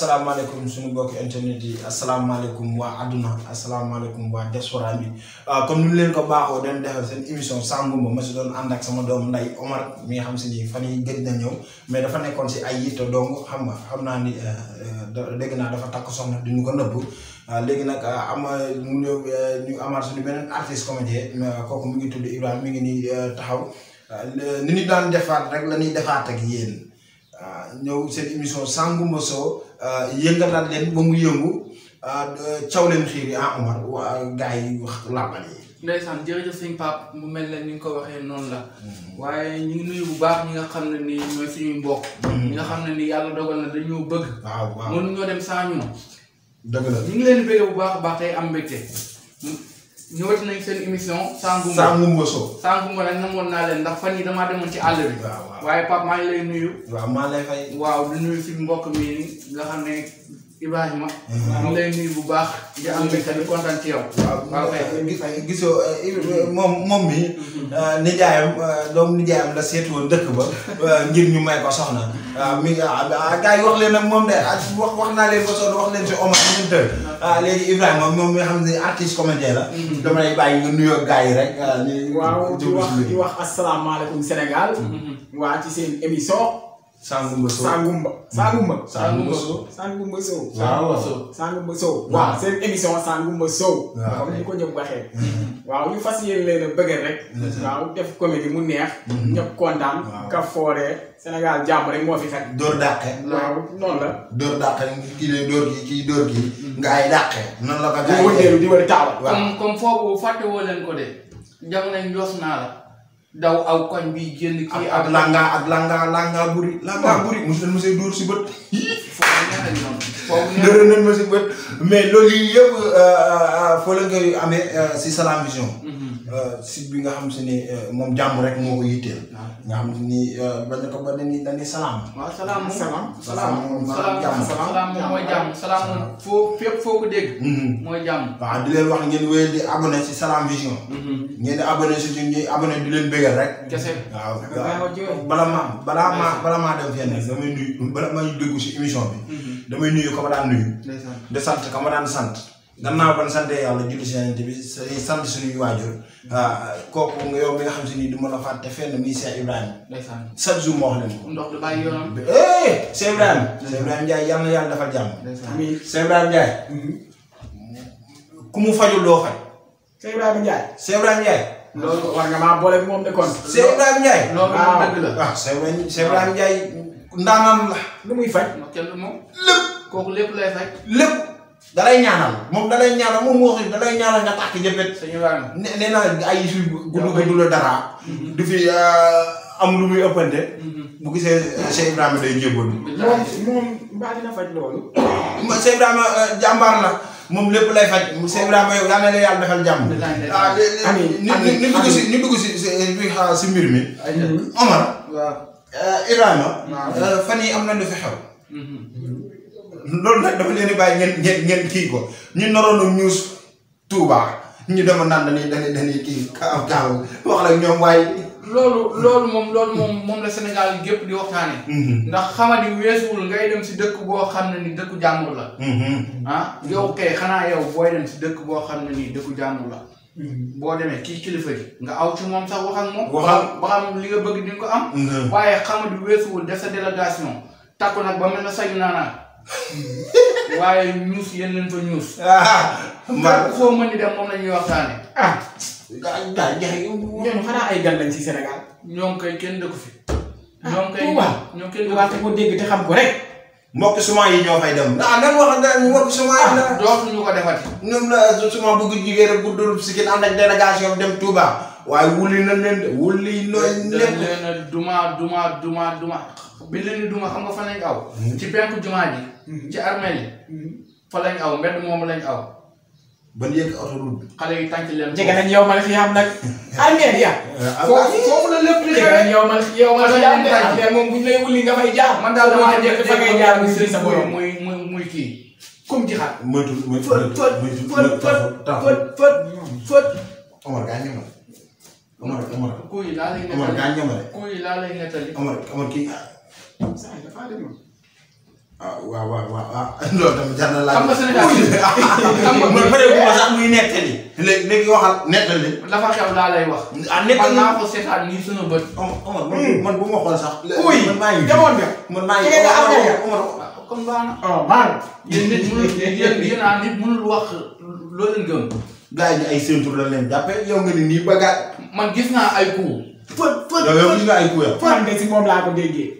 asalaamaaleykum suñu mbokki internet yi asalaamaaleykum waa adduna asalaamaaleykum waa diaspora bi ah, comme ni mu leen ko baaxoo dañ defal seen émission Sangouma ma si doon ànd ak sama doom nday Omar mi nga xam si ni fan yi gëj na ñëw mais dafa nekkoon si ay yitte donc xam nga xam naa ni ah, ah, dégg naa dafa takk soxna duñu ko nëbb léegi nag am ñu ñu amaat suñu beneen artiste comédien kooku mu ngi tudd Ibrahima mi ngi nii taxaw ni ñu daan defaat rek la ñuy defaat ak yéen ñëw seen émission Sangouma Euh, yëngalaat leen ba mu yëngu euh, caw leen xiir yi ah Omar waa gars yi wax làmbal yi. ndeysaan jërëjëf sëñ mu mel ne ni nga ko waxee noonu la mm-hmm. waaye ñu nuyu bu baax ñi nga xam ne ni ñooy suñuy mbokk. Mm-hmm. ñi nga xam ne ni yàlla dogal na dañoo bëgg. waaw waaw mënuñoo dem saañu ñu. dëgg la ñu leen di bu baax a baax tey am mbégte. ñëwati nañ seen émission. Sangomba Sangomba Sow. Sangomba na namoon naa leen ndax fan yi damaa demoon ci àll bi. waaw waaw waaye Pape maa ngi lay nuyu. waaw maa lay fay. waaw di nuyu suñu mbokk mi nga xam ne Ibrahima. Mm-hmm. mu lay nuyu bu baax. di am mm-hmm. mbégte di kontaan ci yow. waaw eh, moom moom mi. Mm-hmm. Euh, nijaayam euh, doomu nijaayam la seetu dëkk ba. Euh, ngir ñu may ko soxna. waaw mi ah, ah, gars yi wax leen nag moom de ah, wax wax naa leen ko soxna wax leen si Omar ñu tëj. ah léegi Ibrahima moom mi xam ne artiste comédien la. dama bàyyi nga nuyoo gars yi rek. waaw di wax di wax asalaamaaleykum Sénégal. waa ci seen émission. Sangumba Sow mm. Sangumba. Sangumba Sangumba Sow. Sangumba Sow. waaw Sow Sangumba Sow. waaw seen émission Sangumba Sow. waaw comme ni ko ñëpp waxee. Mm-hmm. waaw ñu fas yéene leen a bëgg rek. waaw def comédie mu neex. Mm-hmm. ñëpp kontaan. waaw ka fooree. Sénégal jàmm rek moo fi xet. Dóor dàqe. waaw noonu la. Dóor dàqe kii lay dóor gi kii dóor gi. nga ay dàqe. noonu la ko gars yi di wër taawal. comme comme foofu fàtte woo leen ko de. jam nañ jos naa la. daw aw koñ bi génn kii ak langa ak langa langa buri langa buri mosu leen mosee dóor si bët foofu nee nañ noonu dóor nañ ma si bët mais loolu yëpp euh, euh, euh, foo la amee si Salam Vision mm-hmm. Euh, site bi nga xam si ni euh, moom jàmm rek moo ko yitteel. Ah. nga xam ni euh, bañ ko ba dañuy dañuy salaam. waaw salaam moom salaam jàmm salaam foo fépp foo ko dégg. Mm-hmm. mooy jàmm. waaw di leen wax ngeen wéyal di abonné si Salam Vision. Mm-hmm. ngeen di abonné si suñ ñuy abonné di leen bégal rek. waaw bala ma balaa ma balaa maa dem fenn damay nuyu bala ma déglu si émission bi. Mm-hmm. damay nuyu ka ma daan nuyu. de sant ka daan sant. gannaaw ban sante yàlla julli si yonent bi sant suñuy waajur ah, kooku nga yow xam si ni du ma la fàtte fenn muy Cheikh Ibrahima. ndeysaan chaque jour moo wax leen ko. ndox du eh, na yàlla defal jàmm. amiin Cheikh Ibrahima Ndiaye. ku mu fajul doo faj. Cheikh Ibrahima Ndiaye. Cheikh Ibrahima Ndiaye. loolu war nga maa boole moom de kon. Cheikh ah, la lu muy faj. kenn kooku lépp lay faj. lépp. dalay ñaanal moom dalay ñaanal moom moo xam dalay ñaanal nga tax ci jëfet. suñu wàll ne nee naa ay suy gudd gudd la dara. Mm-hmm. du fi euh, am lu muy ëppante. Mm-hmm. bu gisee euh, Cheikh Ibrahima day njëbboon. moom moom mbaa dina faj loolu. Cheikh Ibrahima euh, jàmbaar la moom lépp lay faj Cheikh Ibrahima yow daa ne la yàlla defal jàmm. ah ni ni dugg si ni dugg si si mbir mi. Omar. waaw Ibrahima. fan yii am na lu fi xew. Mm-hmm. loolu nag dafa leen bàyyi ngeen ngeen ngeen kii ko ñu naroon ñuus Touba ñu demoon naan dañuy dañuy dañuy kii kaaw kaaw wax la ñoom waaye. loolu loolu moom loolu moom la Sénégal gépp di waxtaane mhm. ndax xamadi weesuwul ngay dem si dëkk boo xam ne dëkku jàmbur la. Mhm. Ah yow xanaa yow booy dem dëkk boo xam ne nii dëkku jàmbur la. boo demee kii kilifa ji nga aw ci moom sax wax ak moom. waxal ba xam li nga bëgg di nga ko am. Mhm. waaye xamadi weesuwul def sa délégation nag ba mel na sañu naanaa. waaye ñuus yéen leen fa ñuus. Ah, man foo mën ni dem moom la ñuy waxtaane. ah. gaa jafe ñoom xanaa ay gan lañ ci Sénégal. ñoom kay kenn dëkku fi. Ah, ñoom kay ñoom kenn dëkku fi waaw te ko dégg te xam ko rek. mbokk suma yi ñoo fay dem. ah nan wax da mbokk suma yi. ah dootuñu ko defati. ñoom la euh, suma bëgg jigéen rek bu dul si ànd ak délégation dem Touba waaye wuli na leen de wuli nañ leen duma duma duma duma bi leen duma xam nga fa lañ aw. Hmm. ci penk jumaa ji. Hmm. ci armée yi. Hmm. fa lañ aw mbedd moom lañ aw. ban yëg autoroute bi. xale yi tànc leen. jege nañ yow mal xiyaam nag. armeel ya. Euh, foofu la lépp li jege nañ yow mal yow mal xiyaam de moom bu ñu lay wuli nga fay jaar. man daal dama jëkk fa ngay jaar muy sa borom muy muy muy kii. comme ji xaar. moytu moytu fët fët fët fët Omar gaa ñamal. Omar Omar. kuy laa lay nettali Omar gaa ñamal. kuy laa lay nettali. Omar Omar kii. saa yi dafa dem ah waaw waaw waaw ah, loolu tamit jar na laaj. xam nga Sénégal ah, xam nga man pareeguma sax muy nettali. léegi léegi waxal nettali. dafa xew laa lay wax. ah nettali man naa ko seetaan nii suñu bët. Omar oh, oh, hmm. man bu ma xool sax. man maa ngi demoon nga. man maa ngi comme ah, baax na. waaw oh, baax na. yéen nit mënul yéen a nit mënul wax loo leen gëm. gars yi ay seen tur la leen jàppee yow nga ni nii ba man gis naa ay coups. fët fët fët yow gis nga ay coups yow. fët nga si moom laa ko déggee.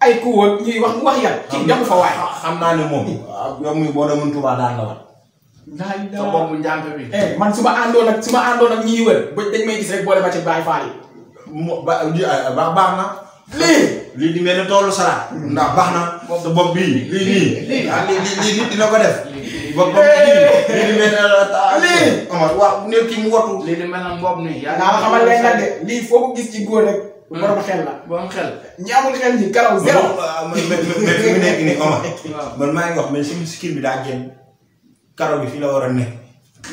ay kuwa ñuy wax wax yàlla. ci jamu fa waay. xam naa ne moom. waaw ah, yow mii boo demoon Touba daan la war. sa bopp njàng bi. Eh, man su ma àndoon ak su ma àndoon ak ñiy wër ba dañ may gis rek boole ma ci Baay Faal yi. mu ah, ba baax na. lii. lii di mel ni toolu sara. ndax baax na. sa bopp bii lii nii. lii lii nit ah, dina ko def. bopp bopp bii lii di mel ni. lii Omar waaw ne kii mu watu. lii di mel ni mbob nii. yaa ngi xamal leen nag de lii foo ko gis ci góor rek. bu borom xel la. bu am hmm. xel ñi amul xel ñi karaw zéro. waaw ah, man man man fi mu nekk nii Omar. waaw man maa ngi wax mais suñu sikir bi daa génn. karaw bi fii la war a nekk.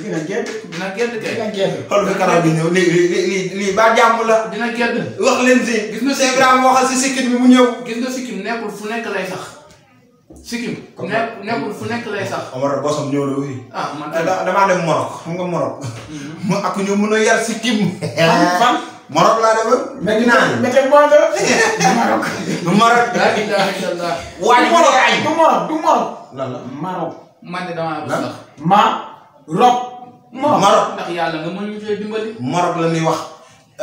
dina génn dina génn kay dina génn. xool bi karaw bi ñëw lii lii lii lii ba jàmm la. dina génn wax leen si. gis nga Cheikh Ibrahima waxal si sikir bi mu ñëw. gis nga sikir nekkul fu nekk lay sax. sikkim nekkul fu nekk lay sax. Omar bosom ñëw na aussi. ah man damaa dem Morok xam nga Morok. Mm-hmm. mu ak ñu mën a yar sikkim. fan. Maroc laa demoon. mais naan mais tey Maroc. Maroc. Maroc. laa ilaaha illallaah. waaye du Maroc du Maroc du Maroc. lan la Maroc. man de damaa la. ma. la ñuy wax.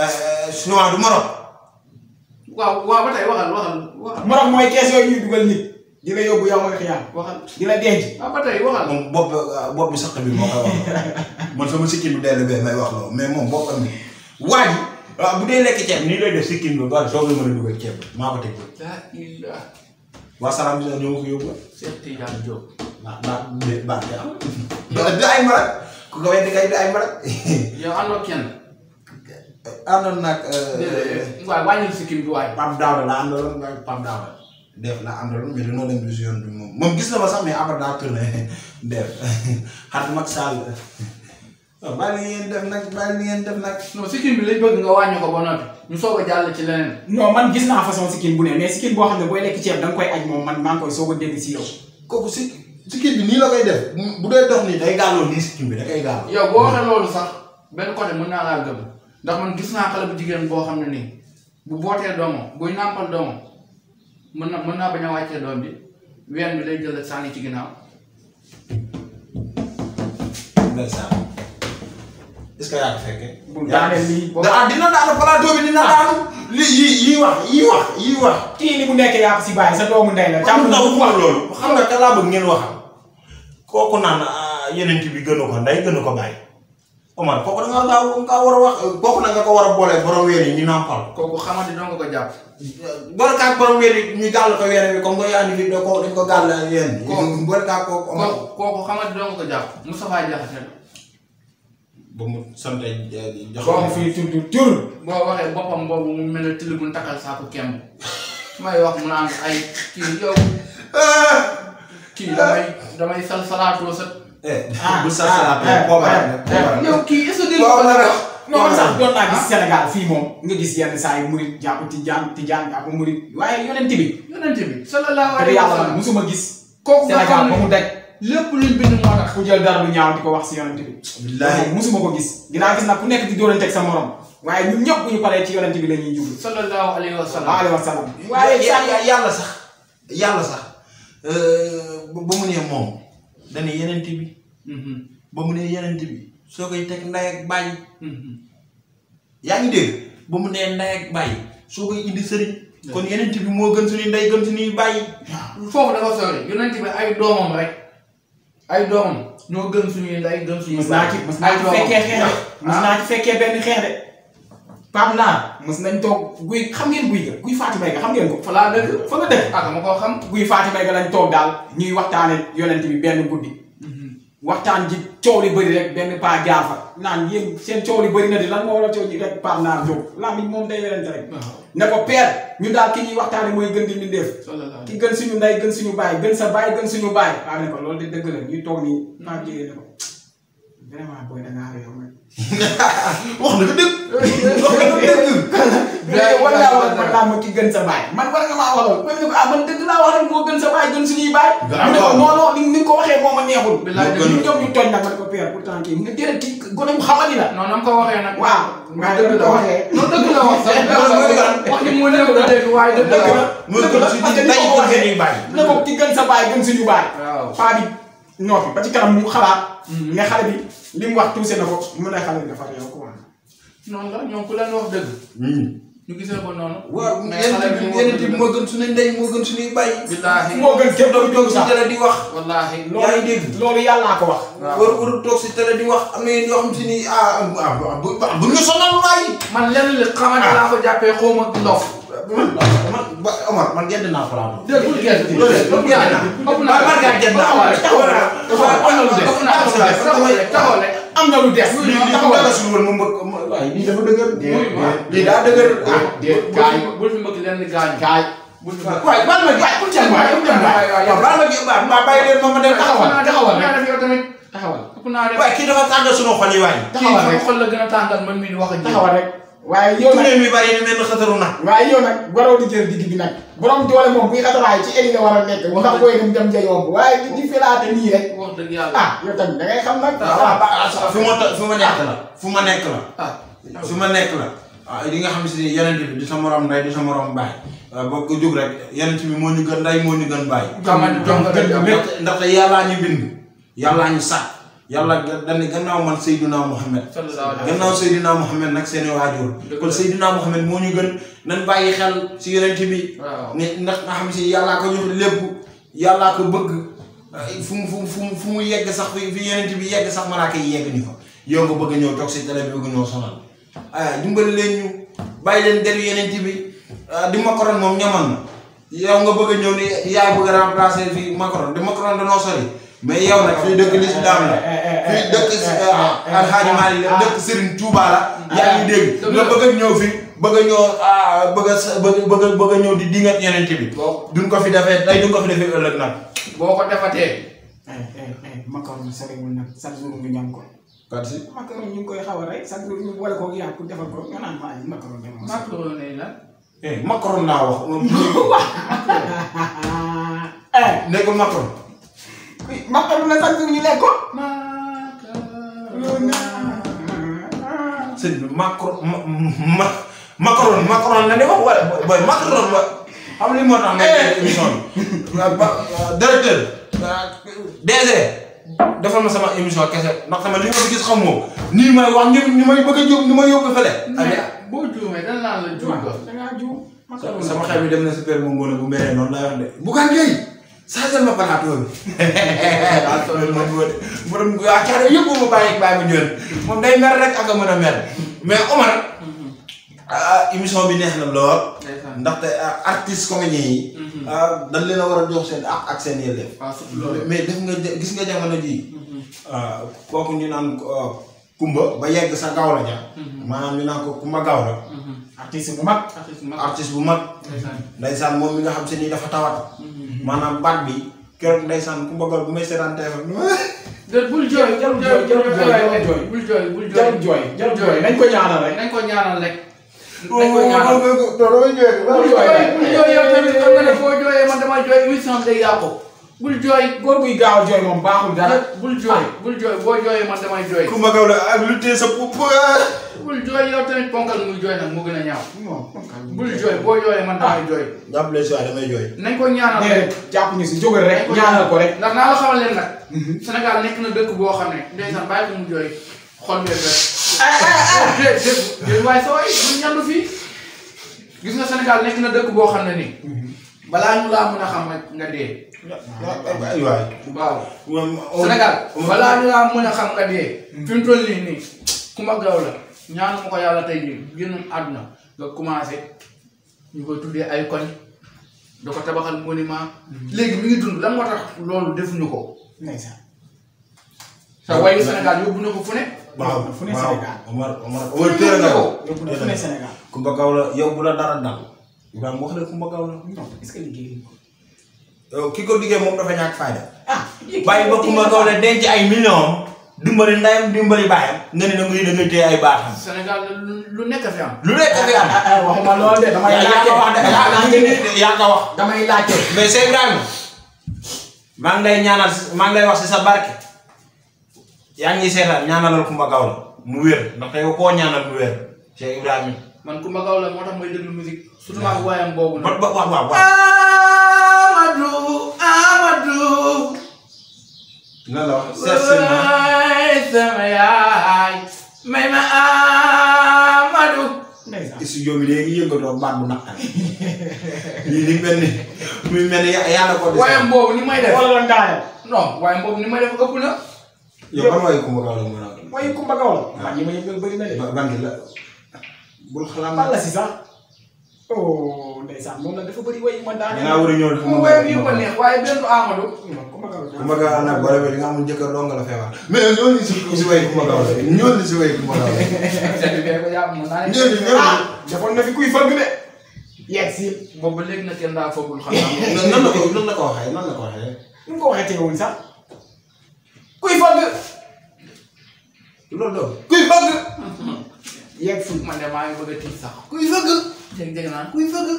Euh, chinois du Maroc. waaw waaw ba tey waxal waxal yooyu dugal nit. di yóbbu yow mooy xiyaar. waxal di la denc. waaw ah, ba tey moom bopp euh, bopp bi saq bi moo koy wax man sama sikki bi delloo bee may wax loolu mais moom boppam bi waa ji. waaw bu dee lekk ceeb. nii lay def sikkin bi ba soog a mën a dugal ceeb maa ko teg ko. ah illah. waa salaam ñoo ma ko yóbbu. Cheikh Tidiane Diop. ah ah déet baax na am. du ay marak ku ko wéddi kay du ay marak. yow àndoon kenn. àndoon nag. Euh, waaw wàññil sikkin bi waaye. Pape Daouda la àndaloon waaye Pape Daouda. def la àndaloon mais dañoo dem du si yoon bi moom moom gis na ma sax mais après daa tourné def xar mag Sall. waaw ngeen def nag bàyyi li ngeen def nag. non sikkin bi lañ bëgg nga wàññi ko ba noppi ñu soog a jàll ci leneen. non man gis naa façon sikkin bu ne mais sikkin boo xam ne booy lekk ceeb da nga koy aj moom man maa ngi koy soog a dégg si yow. kooku si sikkin bi nii la koy def bu dee dox nii day gaaloo nii sikkin bi da koy gaaloo. yow boo waxee loolu sax benn côté mën naa laa gëm ndax man gis naa xale bu jigéen boo xam ne nii bu bootee doomam buy nàmpal doomam mën na mën naa bañ a wàccee bi ween bi lay jël sànni ci ginnaaw est ce que yaa ko fekkee. bu daanee lii ah dina daanu plateau bi dina ah. daanu. lii yii wax yii wax yii wax. kii ni bu nekkee yaa si bàyyi sa doomu ndey la. càmm na bu wax loolu xam nga ngeen waxal. kooku naan ah, yeneen bi gënu ko ndey gënu ko bàyyi. Omar kooku da ngaa gaaw a ko war a boole borom yi ñu nàmpal. kooku xamante doo nga ko jàpp. boolekaag borom weer yi ñu gàll ko weer bi comme nga yaa dañ ko gàll yéen. kooku boolekaag kooku Omar jàpp. ba mu sant jox ko tur tur tur. waxee boppam boobu mu mel ne tëli bu takkal saako kemb may wax mu naan ay kii yow kii damay damay sal salaatoo sa. Eh, ah bu sal salaatoo ah, poobar ah, yow kii est-ce que dégg non sax doon naa gis ah. Sénégal tijaan tijaan jàpp murit waaye yonent bi. yonent bi sallallahu alayhi wa sallam musuma gis. kooku nga mu daj. lépp luñ bind moo tax ku jël dara lu ñaaw di ko wax si yonent bi billaahi musuma ko gis dinaa gis nag ku nekk di dóoranteeg sa morom waaye ñun ñëpp bu ñu paree bi la ñuy jublu sallallahu alayhi wa sallam alayhi wa sallam waaye yàlla sax yàlla sax euh, ba mu nee moom dane bi mm-hmm. ba mu nee bi soo koy teg ndey ak bàyyi mm-hmm. ba mu nee ndey ak soo koy kon yonent bi moo gën suñuy ndey gën suñuy bàyyi foofu dafa sori yonent bi ay doomam rek ay doomam ñoo gën suñuy lay gën suñuy. mës naa ci mës naa ci fekkee xeex de. Ah. mës naa benn xeex de. Pape Naar mës nañ toog guy xam ngeen guy ga guy Fatou Mbengue nga xam ngeen ko. fa laa dëkk fa nga dëkk. ah dama koo xam guy Fatou Mbengue lañ toog daal ñuy waxtaane yonent bi benn guddi. waxtaan ji coow li bëri rek benn paa jaar fa naan yéen seen coow li bëri na di la moo waral coow ji rek paa naar jóg làmmiñ moom day werante rek ne ko père ñu daal ki ñuy waxtaani mooy gën di mbindeef ki gën suñu ndey gën suñu baay gën sa baay gën suñu baay waaw ne ko loolu de dëgg la ñuy toog nii mm. paa jigéen ne ko vraiment booy da a réew nag. wax na ko dëgg. wax na ko dëgg. war ngaa ma ci gën sa nga maa waxoon. man ne ko ah man dëgg laa wax rek moo gën sa baay gën suñuy baay. mu ne ko non non ni nga ko waxee moo ma neexul. bilaay dëgg ñu ñoom ñu ko père pourtant kii nga déedéet kii gonam xamali la. non na nga ko waxee nag. waaw. waaye dëgg la waxee. non dëgg la wax sax. wax ni mu nekkul baay. ne ko ci gën sa baay gën suñu baay. ba ci kanam mu xalaat. ne bi li mu wax tuuse na ko mu ne xale far réew ko wax. noonu la ñoom ku leen wax dëgg. Hmm. ñu gisee ko noonu. waaw yeneen bi moo gën suñu ndey moo gën suñuy bàyyi. billaahi moo gën képp doon toog di wax. wallaahi yaa ngi dégg loolu yàllaa ko wax. waaw war war toog si télé di wax am na yoo xam si ni ah, ah, ah bu bu bu ñu sonal waay. man lenn li xamante naa ko jàppee xaw ma ndof. man man Omar man gedd naa Franc. dégg nga gedd bu dee am na lu des. lii lii dafa dëgër. lii daa dëgër. gaañ bul fi mbëkk lenn gaañ. gaañ bul fi mbëkk. waay baal ma ji waay kucel waay baal ma ji waay ma bàyyi leen ma ma dem taxawal taxawal taxawal. waaye kii dafa tàngal sunu xol yi waay. taxawal rek kii sunu xol la gën a tàngal man mii di wax ak. taxawal rek. waaye yow nag bu mi bari ni mel ni xataru nag. waaye yow nag waroo di jël nag borom doole moom buy xataraay ci éni war a nekk. wax dem dem ja yomb waaye di wax dëgg yàlla ah yow tamit da ngay xam nag. Ah, ah, ah, fu ma fu ma nekk la fu ma nekk la. ah fu ma nekk la. waaw li nga xam si yeneen di sa morom ndey di sa morom baay boo ko jóg rek yeneen bi moo ñu gën ndey moo ñu gën baay. xam nga ndaxte yàllaa ñu bind yàlla ñu sàkk yàlla dañ ne gannaaw man Seydina Mohamed. gannaaw Seydina Mohamed nag seen i waajur. kon Seydina Mohamed moo ñu gën nañ bi. ndax nga xam si yàllaa ko jox lépp yàllaa ko bëgg fu mu fu mu yegg sax fi fi yonent bi yegg sax malaaka yi yegg ñu fa yow nga bëgg ñëw toog si télé bi bëgg ñëw sonal. ah dimbali leen ñu bàyyi leen deru yonent bi ah, di Macron moom ñamal na yow nga bëgg a ñëw ne yaay bëgg a remplacer fii Macron di Macron danoo sori. mais yow nag fii dëkk lislaam la eh, eh, eh, fii dëkk ah, Alxaaji Maalik la dëkk Serigne Touba la. yaa ngi dégg ah. nga bëgg a ñëw fi bëgg a ñëw ah, bëgg a sa bëgg a ñëw bi duñ ko fi defee tey duñ ko fi defee ëllëg nag. ko defatee. macaron sarewul nag chaque jour nga ñam ko. kat si macaron ñu ngi koy xaw a rey chaque ko wax. nekk macaron. makarona sax su ñu lekkoon. makarona. sëñ bi macro ma macaron macaron la ne wax wala booy macaron wa xam li moo tax nga jël émission bi. Eh. li ma gis xam moom nii may wax ñu ñu may bëgg a jóg ñu may yóbbu fële. mais boo juumee dana la juum. da ngaa juum. sama xel bi dem na super moom bu mbéyee noonu lay wax de. bu kan changé ma plateau bi waaw tool ma góode borom waa caare yëpp ma bàyyi bàyyi ma ñëwee moom day mer rek ak a mën a mer mais Omar ah, émission bi neex na lool ndaxte ah, artiste comédien yi mhm. ah, dañ leen a war a jox seen ak ak seen yelleef mais def nga gis nga jamono ji mhm. kooku ñu naan kumba ba yegg sa gaaw la ja mhm. maanaam ñu naan ko kumba gaaw la artiste bu mag artiste bu mag ndeysaan moom mi nga xam se dafa tawat maanaam baat bi keroog ndeysaan ku bëgg bu may seetaan TFM. bul jooy jarul jooy jarul jooy bul jooy bul jooy jarul jooy jarul jooy nañ ko ñaanal rek. nañ ko ñaanal rek. nañ ko ñaanal bul bul jooy góor a jooy moom baaxul dara. bul jooy ah. bul jooy boo jooyee man damay jooy. Coumba Gawlo ak lu tee sa bul jooy yow tamit ponkal jooy nag moo gën a ñaaw. bul jooy boo jooyee man damay jooy. jàppale si waay damay nañ ko ñaanal rek jàpp ñu si jógal rek. ñaanal ko rek ndax naa la xamal leen nag. Mhm. Sénégal nekk na dëkk boo xam ne. ndeysaan bàyyi ko mu jooy xol bee rek. Ah, ah, dégg gis nga Sénégal nekk na dëkk boo xam ne nii. Mhm. balaa ñu laa a xam nga dee. ay hmm. toll nii nii kuma gaw la ñaanu ma ko yàlla tey jii génn àdduna nga commencé ñu koy tuddee ay koñ da ko tabaxal monument. Hmm. léegi mi ngi dund lan moo tax loolu defuñu ko. te wayu Sénégal yóbbu na fu fu ne fu ne Sénégal. Kumba Gawla yow bu la dara dal. Ibrahima wax la Kumba Gawlo ki ko liggéey moom dafa ñàkk fayda. ah bàyyi ba Kumba Gawlo denc ay millions dimbali ndayam dimbali baayam nga ne da ngay da ngay ay baaxam. Sénégal lu nekk fi am. lu nekk fi am. Ah, ah, ah, waxuma loolu de damay laajte yaa ko wax damay laajte. mais Seydou ngi lay ñaanal maa lay wax si sa barke yaa ngi seetaan ñaanalal Kumba Gawlo mu wér ndax yow koo ñaanal mu wér Cheikh man Coumba Gawlo la moo tax may déglu musique surtout ak waayam boobu nag. waaw waaw ma Amadou. ndeysaan ni muy mel ko. waayam boobu ni may def ni may def ëpp na. yow ban waayu Coumba Gawlo la mën a. waayu Coumba Gawlo. waaw man yi ma yëngal bëri la. bul xalaat Balla si sax. oh ndeysaan moom la dafa bëri way yu ma daan. dinaa war a ñëw li ma neex waaye benn Amadou. Coumba Gawlo nag boo demee li nga xamul njëkk dong la feebar. mais ñoo ni si si way Coumba Gawlo la ñoo ni si way Coumba Gawlo la. Ah, defoon na ko kuy fagg de. yegg si. boobu léegi na kenn daa foogul xam naa. nan la ko nan la ko waxee nan la ko waxee. nu mu ko waxee teewul sax. kuy fagg. loolu doon kuy fagg. yegg si man de maa ngi bëgg a tiit sax. kuy fëgg. dégg dégg naa kuy fëgg.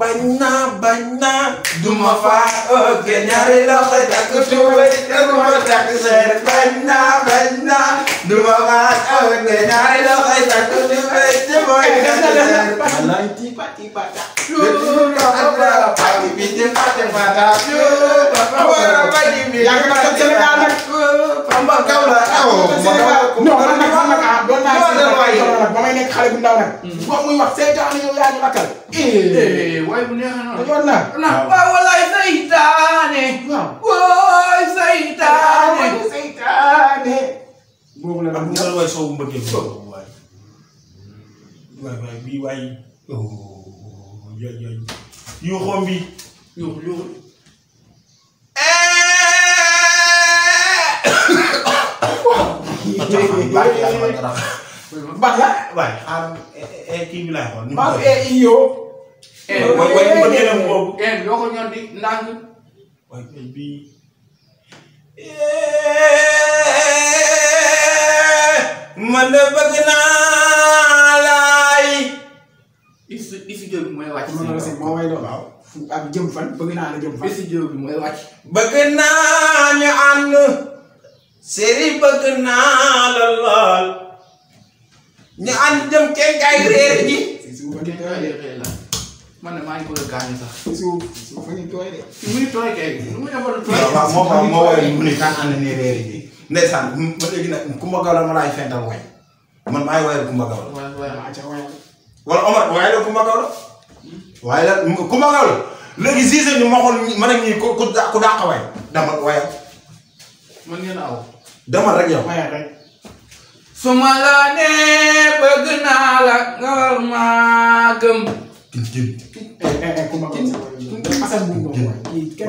bañ naa bañ naa. du ma faa ëpp ñaari loxo takk tuubay du ma takk seer. bañ naa bañ naa. du ma faa ëpp ñaari loxo takk tuubay du ma takk seer. walaay tiipa tiipa ta. loolu la ko la pàcc bi di pàcc ma ta. loolu la ko la pàcc bi di pàcc ma ta. man kaw la awoo. non man nag man nag ah doon naa nag ba may nekk xale bu ndaw nag. wax hmm. muy wax seytaane yow yaa ñu rakkal. Eh, eh. waaye bu neexee noonu. yoon naa waaw walaay seytaane. waaw wooy seytaane. seytaane. boobu la ak bu ngeen waay soo mbëggee waay waay bii waay. yoo yoo yoo xoom bi yoo yoo. baax na ma dara. baax na waaye xool. ñu ngi koy e yo. doo ko ñor di ndànk. Eh, man de bëgg naa laay. is si moo may mooy wàcc. bëgg naa ñu ànd. séeri bëgg naa la ñu ànd jëm kenn kay réer ji man de maa ngi bëgg a gaañu sax. suuf suuf mu ngi tooy de. mu ngi tooy mu ko moo war mu ne léegi nag Kumba Gawlo ma laay fental waay man maay waayal Kumba Gawlo. waay waay maa la Kumba Gawlo. waay la Kumba Gawlo léegi Cissé ñu ma xool man ak ñii ku ku dàq waay. dama waay. dama rek yow. su ma la nee bëgg naa la nga war maa gëm. kin kin.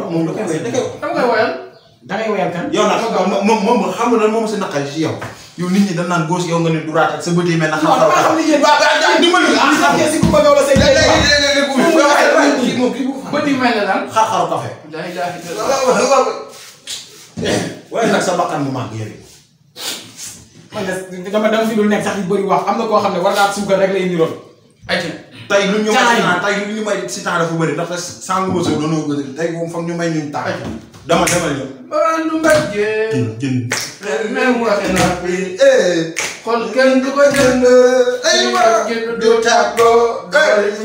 moom da koy woyal. da ngay woyal kan. yow nag moom moom xam nga moom si naqari si yow. yow nit ñi dañ naan góos yow nga ne duraat ak sa bët yi mel na. xam nga xam ni yéen waa ba dimbali. am na ah, si ku bëgg wala say. léeg-léeg léeg-léeg waaye nag sa bakkan bu màgg yële. man de dama dama fi dul nekk sax yu bëri wax am na koo xam ne war naa suukar rek lay niroon. ayca tey lu ñu may si temps tey lu ñu may si temps dafa bëri ndax sànq mosoo doonoo gën tey ñu may ñu temps. dama dama ñëw. waaw nu ma jee. jën jën. même waxi naa fi. kon kenn du ko jënd. aywa du eh.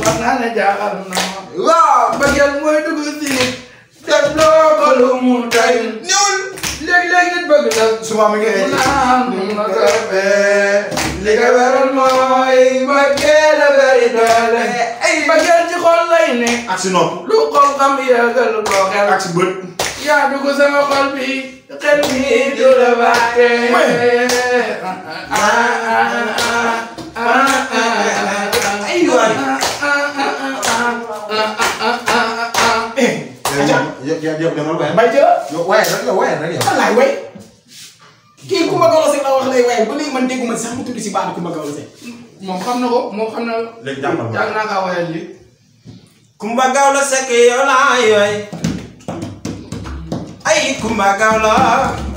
wax naa ne jaaxal na ma. waaw mbëggeel mooy dugg si. def loo ko lu mu tey ñëwul léeg-léeg nit bëgg la suma mi ngi mu naan ma kafee li ko waral mooy mbëggee la bari doole eh, eh. ay mbëggeel ci xol lay ne ak si nopp lu xol xam yëgal ko xel ak si bët yaa dugg sama xol bi xel mi du la bàkkee yow yow demal waaye. mbay jëla. yow waaye rek la waaye rek yow. wallaay way kii Kumba Gawlo Seck la wax lay waaye ba léegi man déggu ma sax mu tudd si baatu Kumba Gawlo Seck. moom xam na ko moom xam na. léegi jàngal ma jàng naa kaa waayal lii. Kumba Gawlo Seck yow laa yooy. ay Kumba Gawlo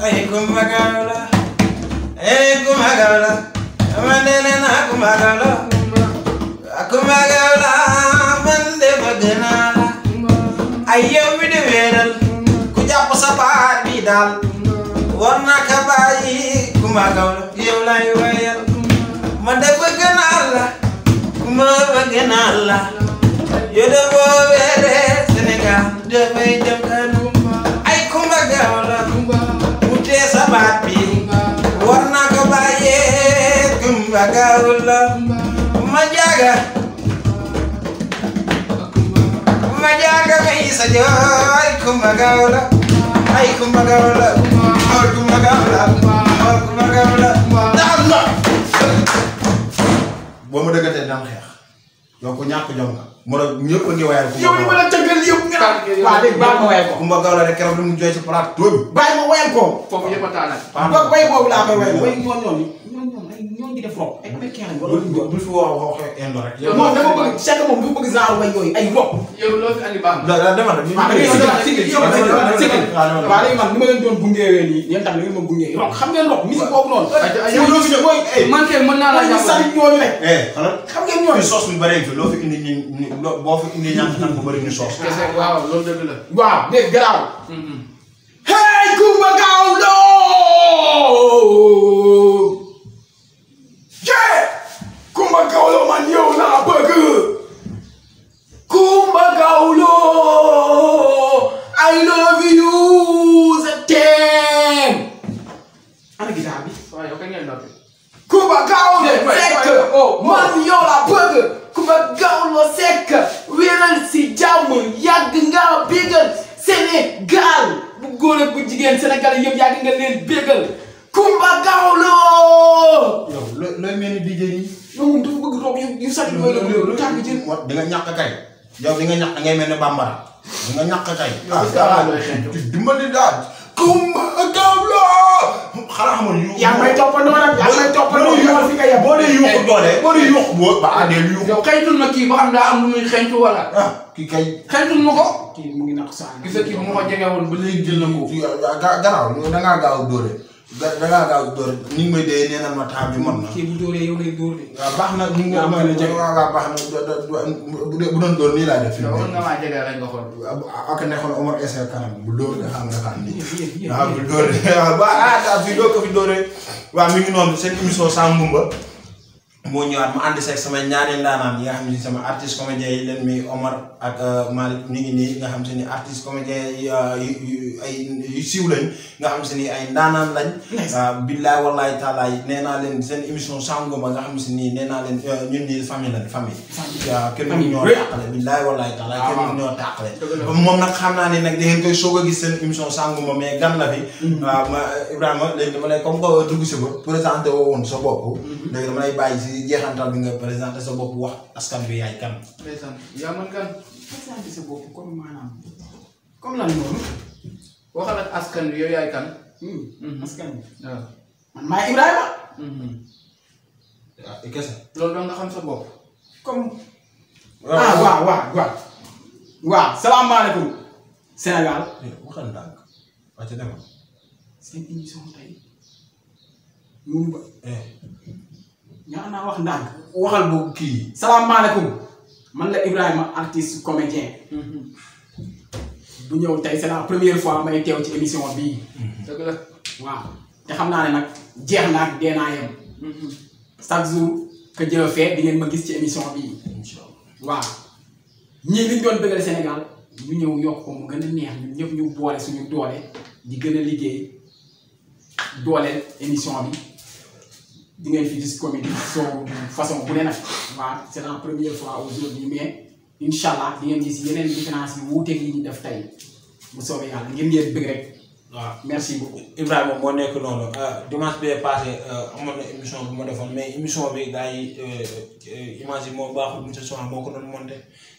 ay Kumba Gawlo ay Kumba Gawlo man de nee naa Kumba Gawlo Kumba Gawlo. ay di weeral ku jàpp sa baat daal war ka bàyyi ku ma gaw la yow lay wayal man de bëgg naa la ku ma bëgg naa la yow kumba jaaga may sa jooy kumba gawla ay kumba gawla or kumba gawla or kumba gawla daal ma boo ma dëggatee dina am xeex yow ku ñàkk jom nga moo tax ñëpp a ngi wayal yow li ma la tëggal yëpp nga waa dégg baal ma wayal ko kumba gawla rek keroog lu mu jooy ci plateau bi bàyyi ma wayal ko foofu yëpp a tànnal bay boobu laa koy wayal ñuy def rob ay américain lañ wala bu fi wax wax indo rek moom dama bëgg chaque moom dafa bëgg genre way yooyu ay rob yow loo fi andi baax na da dama rek waaw léegi man ni ma leen doon gungeewee nii yéen tam da ngeen ma gungee rob xam ngeen rob musique boobu noonu yow loo fi def mooy man kay mën naa la jàpp sari ñooñu rek xam ngeen ñooñu soos bi bëree fi loo fi indi ni boo fi indi ñaan tan ko bëri ni soos waaw loolu dëgg la waaw dégg garaaw hey Coumba Gawlo kumba gaulo manyo na burger. Kumba gaulo, I love you the ten. Ana guitar sekk. Oh, si jàmm yàgg nga bégal Sénégal bu góor ak bu jigéen Sénégal yëpp yàgg nga leen bégal. Kumba Gawlo. yow looy looy mel ni DJ yi. yow dafa bëgg rob loolu lu tàng kay. yow di nga ñàkk ngay mel ni bambara. di nga ñàkk kay. ah boo dee yuuxu eh, doole boo dee eh, yuuxu boo ba àndee yuuxu. yow xëytul na kii ba xam daa am lu muy ah, kii kay. xëytul ma ko. kii mu ngi naq saa. gis nga kii bu ma jege woon ba léegi jël na ko. garaaw da ngaa gaaw dóore da da ngaa gaaw dóor ni nga may dee nee na ma temps bi mot na. kii bu dóoree yow lay dóor de. waaw baax na ni nga ma waaw baax na bu dee bu doon nga ah, kanam bu dóor nga xam nga xam ni. Ah, waaw ah, fi doo fi dóoree. waaw mi noonu seen émission Sans Ngoumba. moo ñëwaat sama ñaari ndaanaan yi xam ne sama artiste comédien yi leen muy Omar ak euh, Malick ñu ngi nii nga xam se ni artiste comédien euh, ay yu siiw lañ nga xam se ni ay ah, naa leen seen émission Sangomar nga xam se nii nee naa leen euh, ñun nii famille lañ famille ah, ah, waaw ñoo tàqale billaay wallaay moom nag xam naa ni nag da ngeen koy soog a gis seen émission Sangomar mais gan la fi waaw mm-hmm. Ibrahima léegi dama lay comme que dugg si ba présenté woo woon sa bopp mm-hmm. léegi dama lay bàyyi si si jeexantal bi nga présenté sa bopp wax askan bi yaay kan. ndeysaan yaa man kan présenté sa bopp comme maanaam comme lan noonu. waxal ak askan bi yow yaay kan. Hmm, mhm. askan bi waaw. Ah. man maa Ibrahima. waaw i kese. loolu doo xam sa bopp. comme. ah, ah waaw waaw waaw. waaw salaamaaleykum. Sénégal. Eh, waxal ndànk waa ca demal. seen émission tey. mënu ba. Eh. ñaa naa wax ndànk waxal boobu kii salaamaaleykum man la Ibrahima artiste comédien bu ñëw tey c'est la première fois may teew ci émission bii waaw te xam naa ne nag jeex naa ak dee naa yem chaque jour que Dieu fait di ngeen ma gis ci émission bii waaw ñii liñ doon bëggal Sénégal ñu ñëw yokk ko mu gën a neex ñun ñëpp ñu boole suñu doole di gën a liggéey doole émission bi di ngeen fi gis comédie soo façon bu ne na waaw c'est la première fois aujourd'hui mais incha allah di ngeen gis yeneen différence yi wuuteeg yi ñu def tey bu soobee yàlla ngeen ngeen bëgg rek. waaw merci beaucoup. Ibrahima moo nekk noonu ah, dimanche bee passé euh, amoon na bu ma defoon mais émission bi gars yi euh, image yi moo baaxul monsieur Soxna moo ko doon monté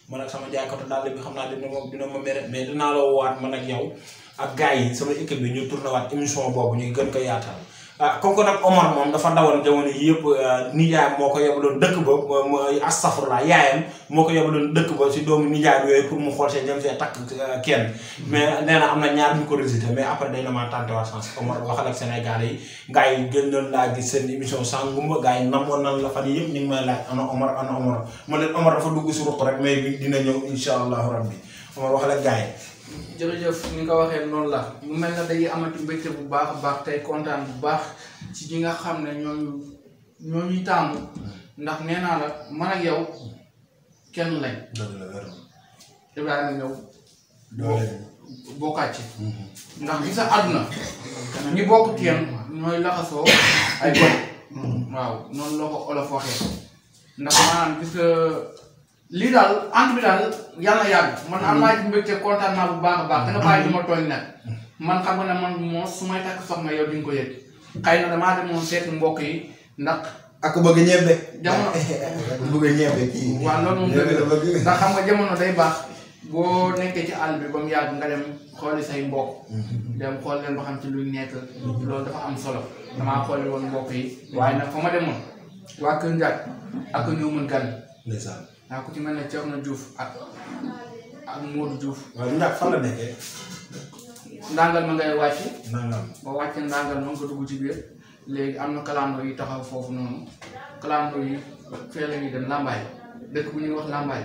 man ak sama jaaykatu daal bi xam naa dina ma dina ma mere mais dinaa la woowaat man ak yow ak gars yi sama équipe bi ñu tourné waat émission boobu ñu gën ko yaatal. ah comme nag Omar moom dafa ndawoon jamono yi yëpp ah, nijaayam moo ko yebaloon dëkk ba astafurlah yaayam moo ko yebaloon dëkk ba si doomu nijaay yooyu pour mu xool seen jëm see takk ah, kenn. mais nee am na ñaar ñu ko résulté mais après dañ la ma tenté waa chance Omar waxal ak Sénégal yi gars yi gën doon laa gis seen émission sanguma gars yi namoon nan la fan yëpp ñu ngi may laaj ana Omar ana Omar ma leen Omar dafa dugg si ruq rek mais dina ñëw incha allahu rabbi Omar waxal ak gars yi. jërëjëf ni nga waxee noonu la mu mel na day amati mbégte bu baax baax tey kontaan bu baax ci ñi nga xam ne ñooñu ñooñuy taamu mm. ndax nee naa la man ak yow kenn lañ. dëgg la wér. Ibrahima ñëw. doo bokkaat ci. Mm-hmm. ndax bi sa àdduna. ñi bokk teen ñooy laxasoo ay bopp. Mm-hmm. waaw noonu la ko olof waxee. ndax maanaam gis lii daal entre bi daal yàlla na yàgg man am naa ci mbégte kontaan naa bu baax a baax danga bàyyi di tooñ nag man xam nga ne man moo su may takk soxna yow di ko yëg xëy na damaa demoon mbokk yi ndax ak bëgg ñebe jamono bëgg ñebe kii waaw loolu moom dëgg la xam nga jamono day baax boo nekkee ci àll bi yàgg nga dem xooli say mbokk dem xool ba xam ci luy nekk loolu dafa am solo damaa xooli woon mbokk yi waaye nag fa ma demoon waa Kër Ndiaye ak ñëw mën gan ndax ku ci mel na Thierno Diouf ak ak Modou Diouf. waaw ma ngay wàcc. ndàngal boo wàccee ndàngal ma nga dugg ci biir léegi am na kalandoo yi taxaw foofu noonu kalandoo yi fee la ñuy dem Lambaye dëkk bu ñuy wax Lambaye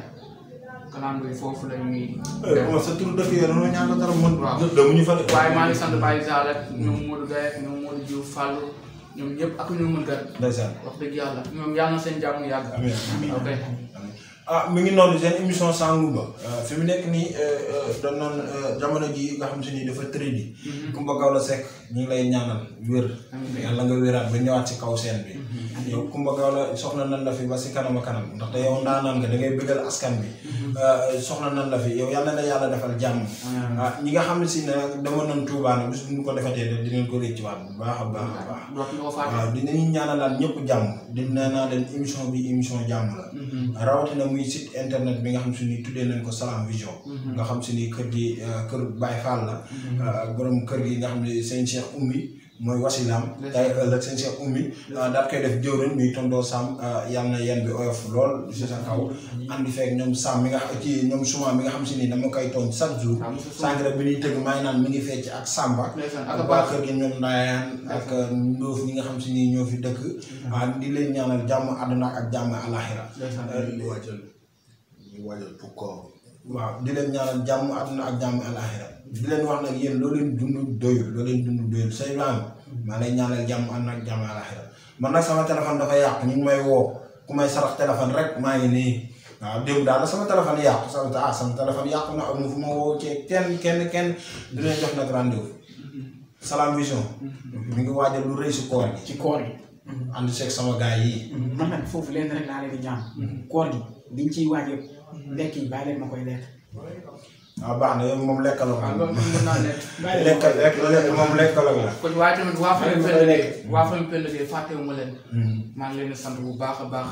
kalandoo yi foofu la ñuy. Eh, dem sa tur dëkk yooyu noonu ñaan la dara mën. waaw demuñu fa waaye maa ngi sant Baye Zale ak ñoom Modou Gueye ak ñoom Modou Diouf Fallou ñoom ñëpp ak ñoom mën kat. ndeysaan wax dëgg yàlla ñoom yàlla na seen jàmm yàgg. amiin ok. ah mu ngi noonu seen émission Sangomba ah, fi mu nekk nii eh, eh, doon naan eh, jamono ji nga xam si ni dafa tëradi. Coumba mm-hmm. Gawlo Seck ñu ngi lay ñaanal wér. yàlla nga wéraat ba ñëwaat ci kaw seen bi. Mhm. yow Kumba Gawlo soxla nan la fi ba si kanam a kanam ndaxte yow ndaanaan nga da ngay bëggal askan bi. Mhm. Euh, soxla nan la fi yow yàlla na ah, ñi nga xam si ne dama nan Tuubaa nag ko defatee de dinañ ko rëccuwaat bu baax a baax a baax. waaw dinañ ñaanalaat ñëpp jàmm di nee naa leen émission bi émission jàmm la. Mhm. rawatina muy site internet bi nga xam si ni tuddee nañ ko Salam Vision. nga xam si ni kër gi euh, kër Baye Fall la. Euh, borom kër gi nga xam ne seen Cheikh Oumy mooy wasilaam tay ëllëg seen Cheikh Oumy ah, daal koy def jëwriñ muy tondoo Sam ah, yal na yen bi oyof lool si sa kaw andi feek ñoom Sam mi nga ci nga xam si ni dama koy tooñ chaque jour sànq rek bi ñuy tëgg maa naan mi ngi fecc ak Samba ak waa kër gi ñoom Ndaayaan ak ah, Ndoof ñi nga xam si ni ñoo fi dëkk waaw mm-hmm. di leen ñaanal jàmm àdduna ak jàmm àlaxira ñu waajal ñu waaw di leen ñaanal jàmm àdduna ak jàmm àllaaxira di leen wax nag yéen loo leen dund doyul loo leen doyul say maam maa lay ñaanal jàmm àdduna ak jàmm àllaaxira man nag sama téléphone dafa yàqu ñu ngi may woo ku may sarax téléphone rek maa ngi nii waaw démb daal sama téléphone yàqu sama ah sama téléphone am na amul fu ma woo cee kenn kenn kenn di leen jox nag rendez-vous Salam Vision. Mm-hmm. mi ngi waajal lu rëy si koor gi ci koor gi. Mm-hmm. ànd seeg sama gaay yi. Mm-hmm. man nag foofu leen rek laa leen di ñaan. Mm-hmm. koor gi liñ ciy waaj yëpp. lekk yi bàyyi leen ma koy lekk. waaw ah, baax na yow moom lekkal la ko. waaw loolu mën naa lekk. lekkal lekk moom lekkal la ko. kon waaye tamit waa Fane Penda de waa Fane fàttewuma leen. maa ngi leen di sant bu baax a baax.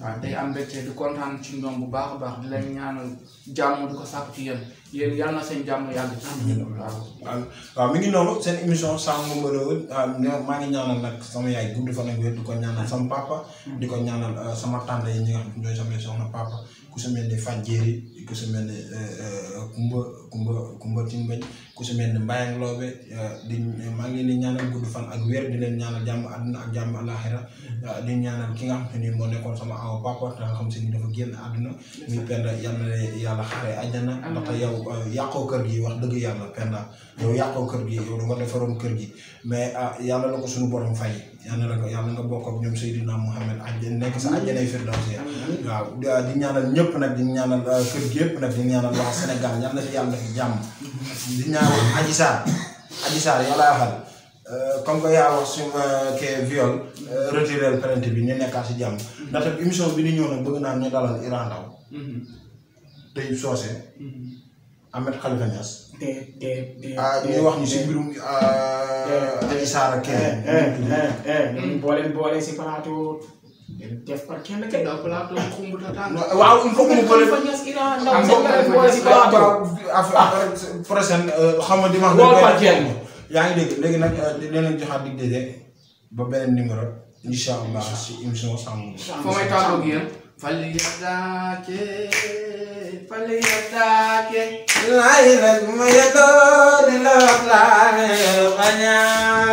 waaw day am mbégte di kontaan ci ñoom bu baax a baax di leen ñaanal jàmm di ko sàkk ci yéen yéen yal na seen jàmm yàgg ci ñun. mi ngi noonu seen émission sàmm Mbadoo maa ngi ñaanal nag sama yaay gudd fan ak wér di ko ñaanal sama papa. di ko ñaanal euh, sama tànn yi ñi nga xam sama soxna papa. ku si mel ni Fajjeri ku si mel ni Kumba eh, eh, Kumba Kumba Timbañ ku si mel ni Mbayang Loobe eh, di maa ngi leen di ñaanal gudd fan ak weer di leen ñaanal jàmm àdduna ak jàmm àlaxira di ñaanal ki nga xam te ni moo nekkoon sama aw papa te xam si ni dafa génn àdduna muy Penda yal yàlla xare àjjana ndaxte yow yàqoo kër gi wax dëgg yàlla Penda yow yàqoo kër gi yow da nga kër gi mais ah, yàlla na ko suñu borom fay yàlla na ko yàlla nga bokk ak ñoom Seydina Mouhamed àjjana nekk sa àjjanay firdawsi waaw di ñaanal ñëpp nag di ñaanal euh, kër gi yëpp nag di ñaanal waa Sénégal yàlla na fi yàlla na fi jàmm di ñaanal Adji Sarr Adji Sarr yàlla xal euh, comme que yaa wax suma euh, kee viol retiré plainte bi ñu nekkaat si jàmm ndaxte émission bi ni ñëw nag bëgg naa ñu dalal Iran Ndao mhm. tey soose mhm. Ahmed Khalifa Niass de de de ah ñuy wax ñu si mbirum. Ah, Adji Sarr ak kenn. boo leen boolee si plateau. def par kenn kenn. donc plateau xumbu ta tàng. waaw di faut que mu boole. am boole si plateau. Ah. prochaine euh, xam par kenn. yaa ngi léegi nag euh, dina leen joxaat dig daje ba beneen numéro. incha allah si émission Sam Ngoor. foo may tàggatoo ak yéen. فليداك العيب الميدون لو أطلع غير غنيان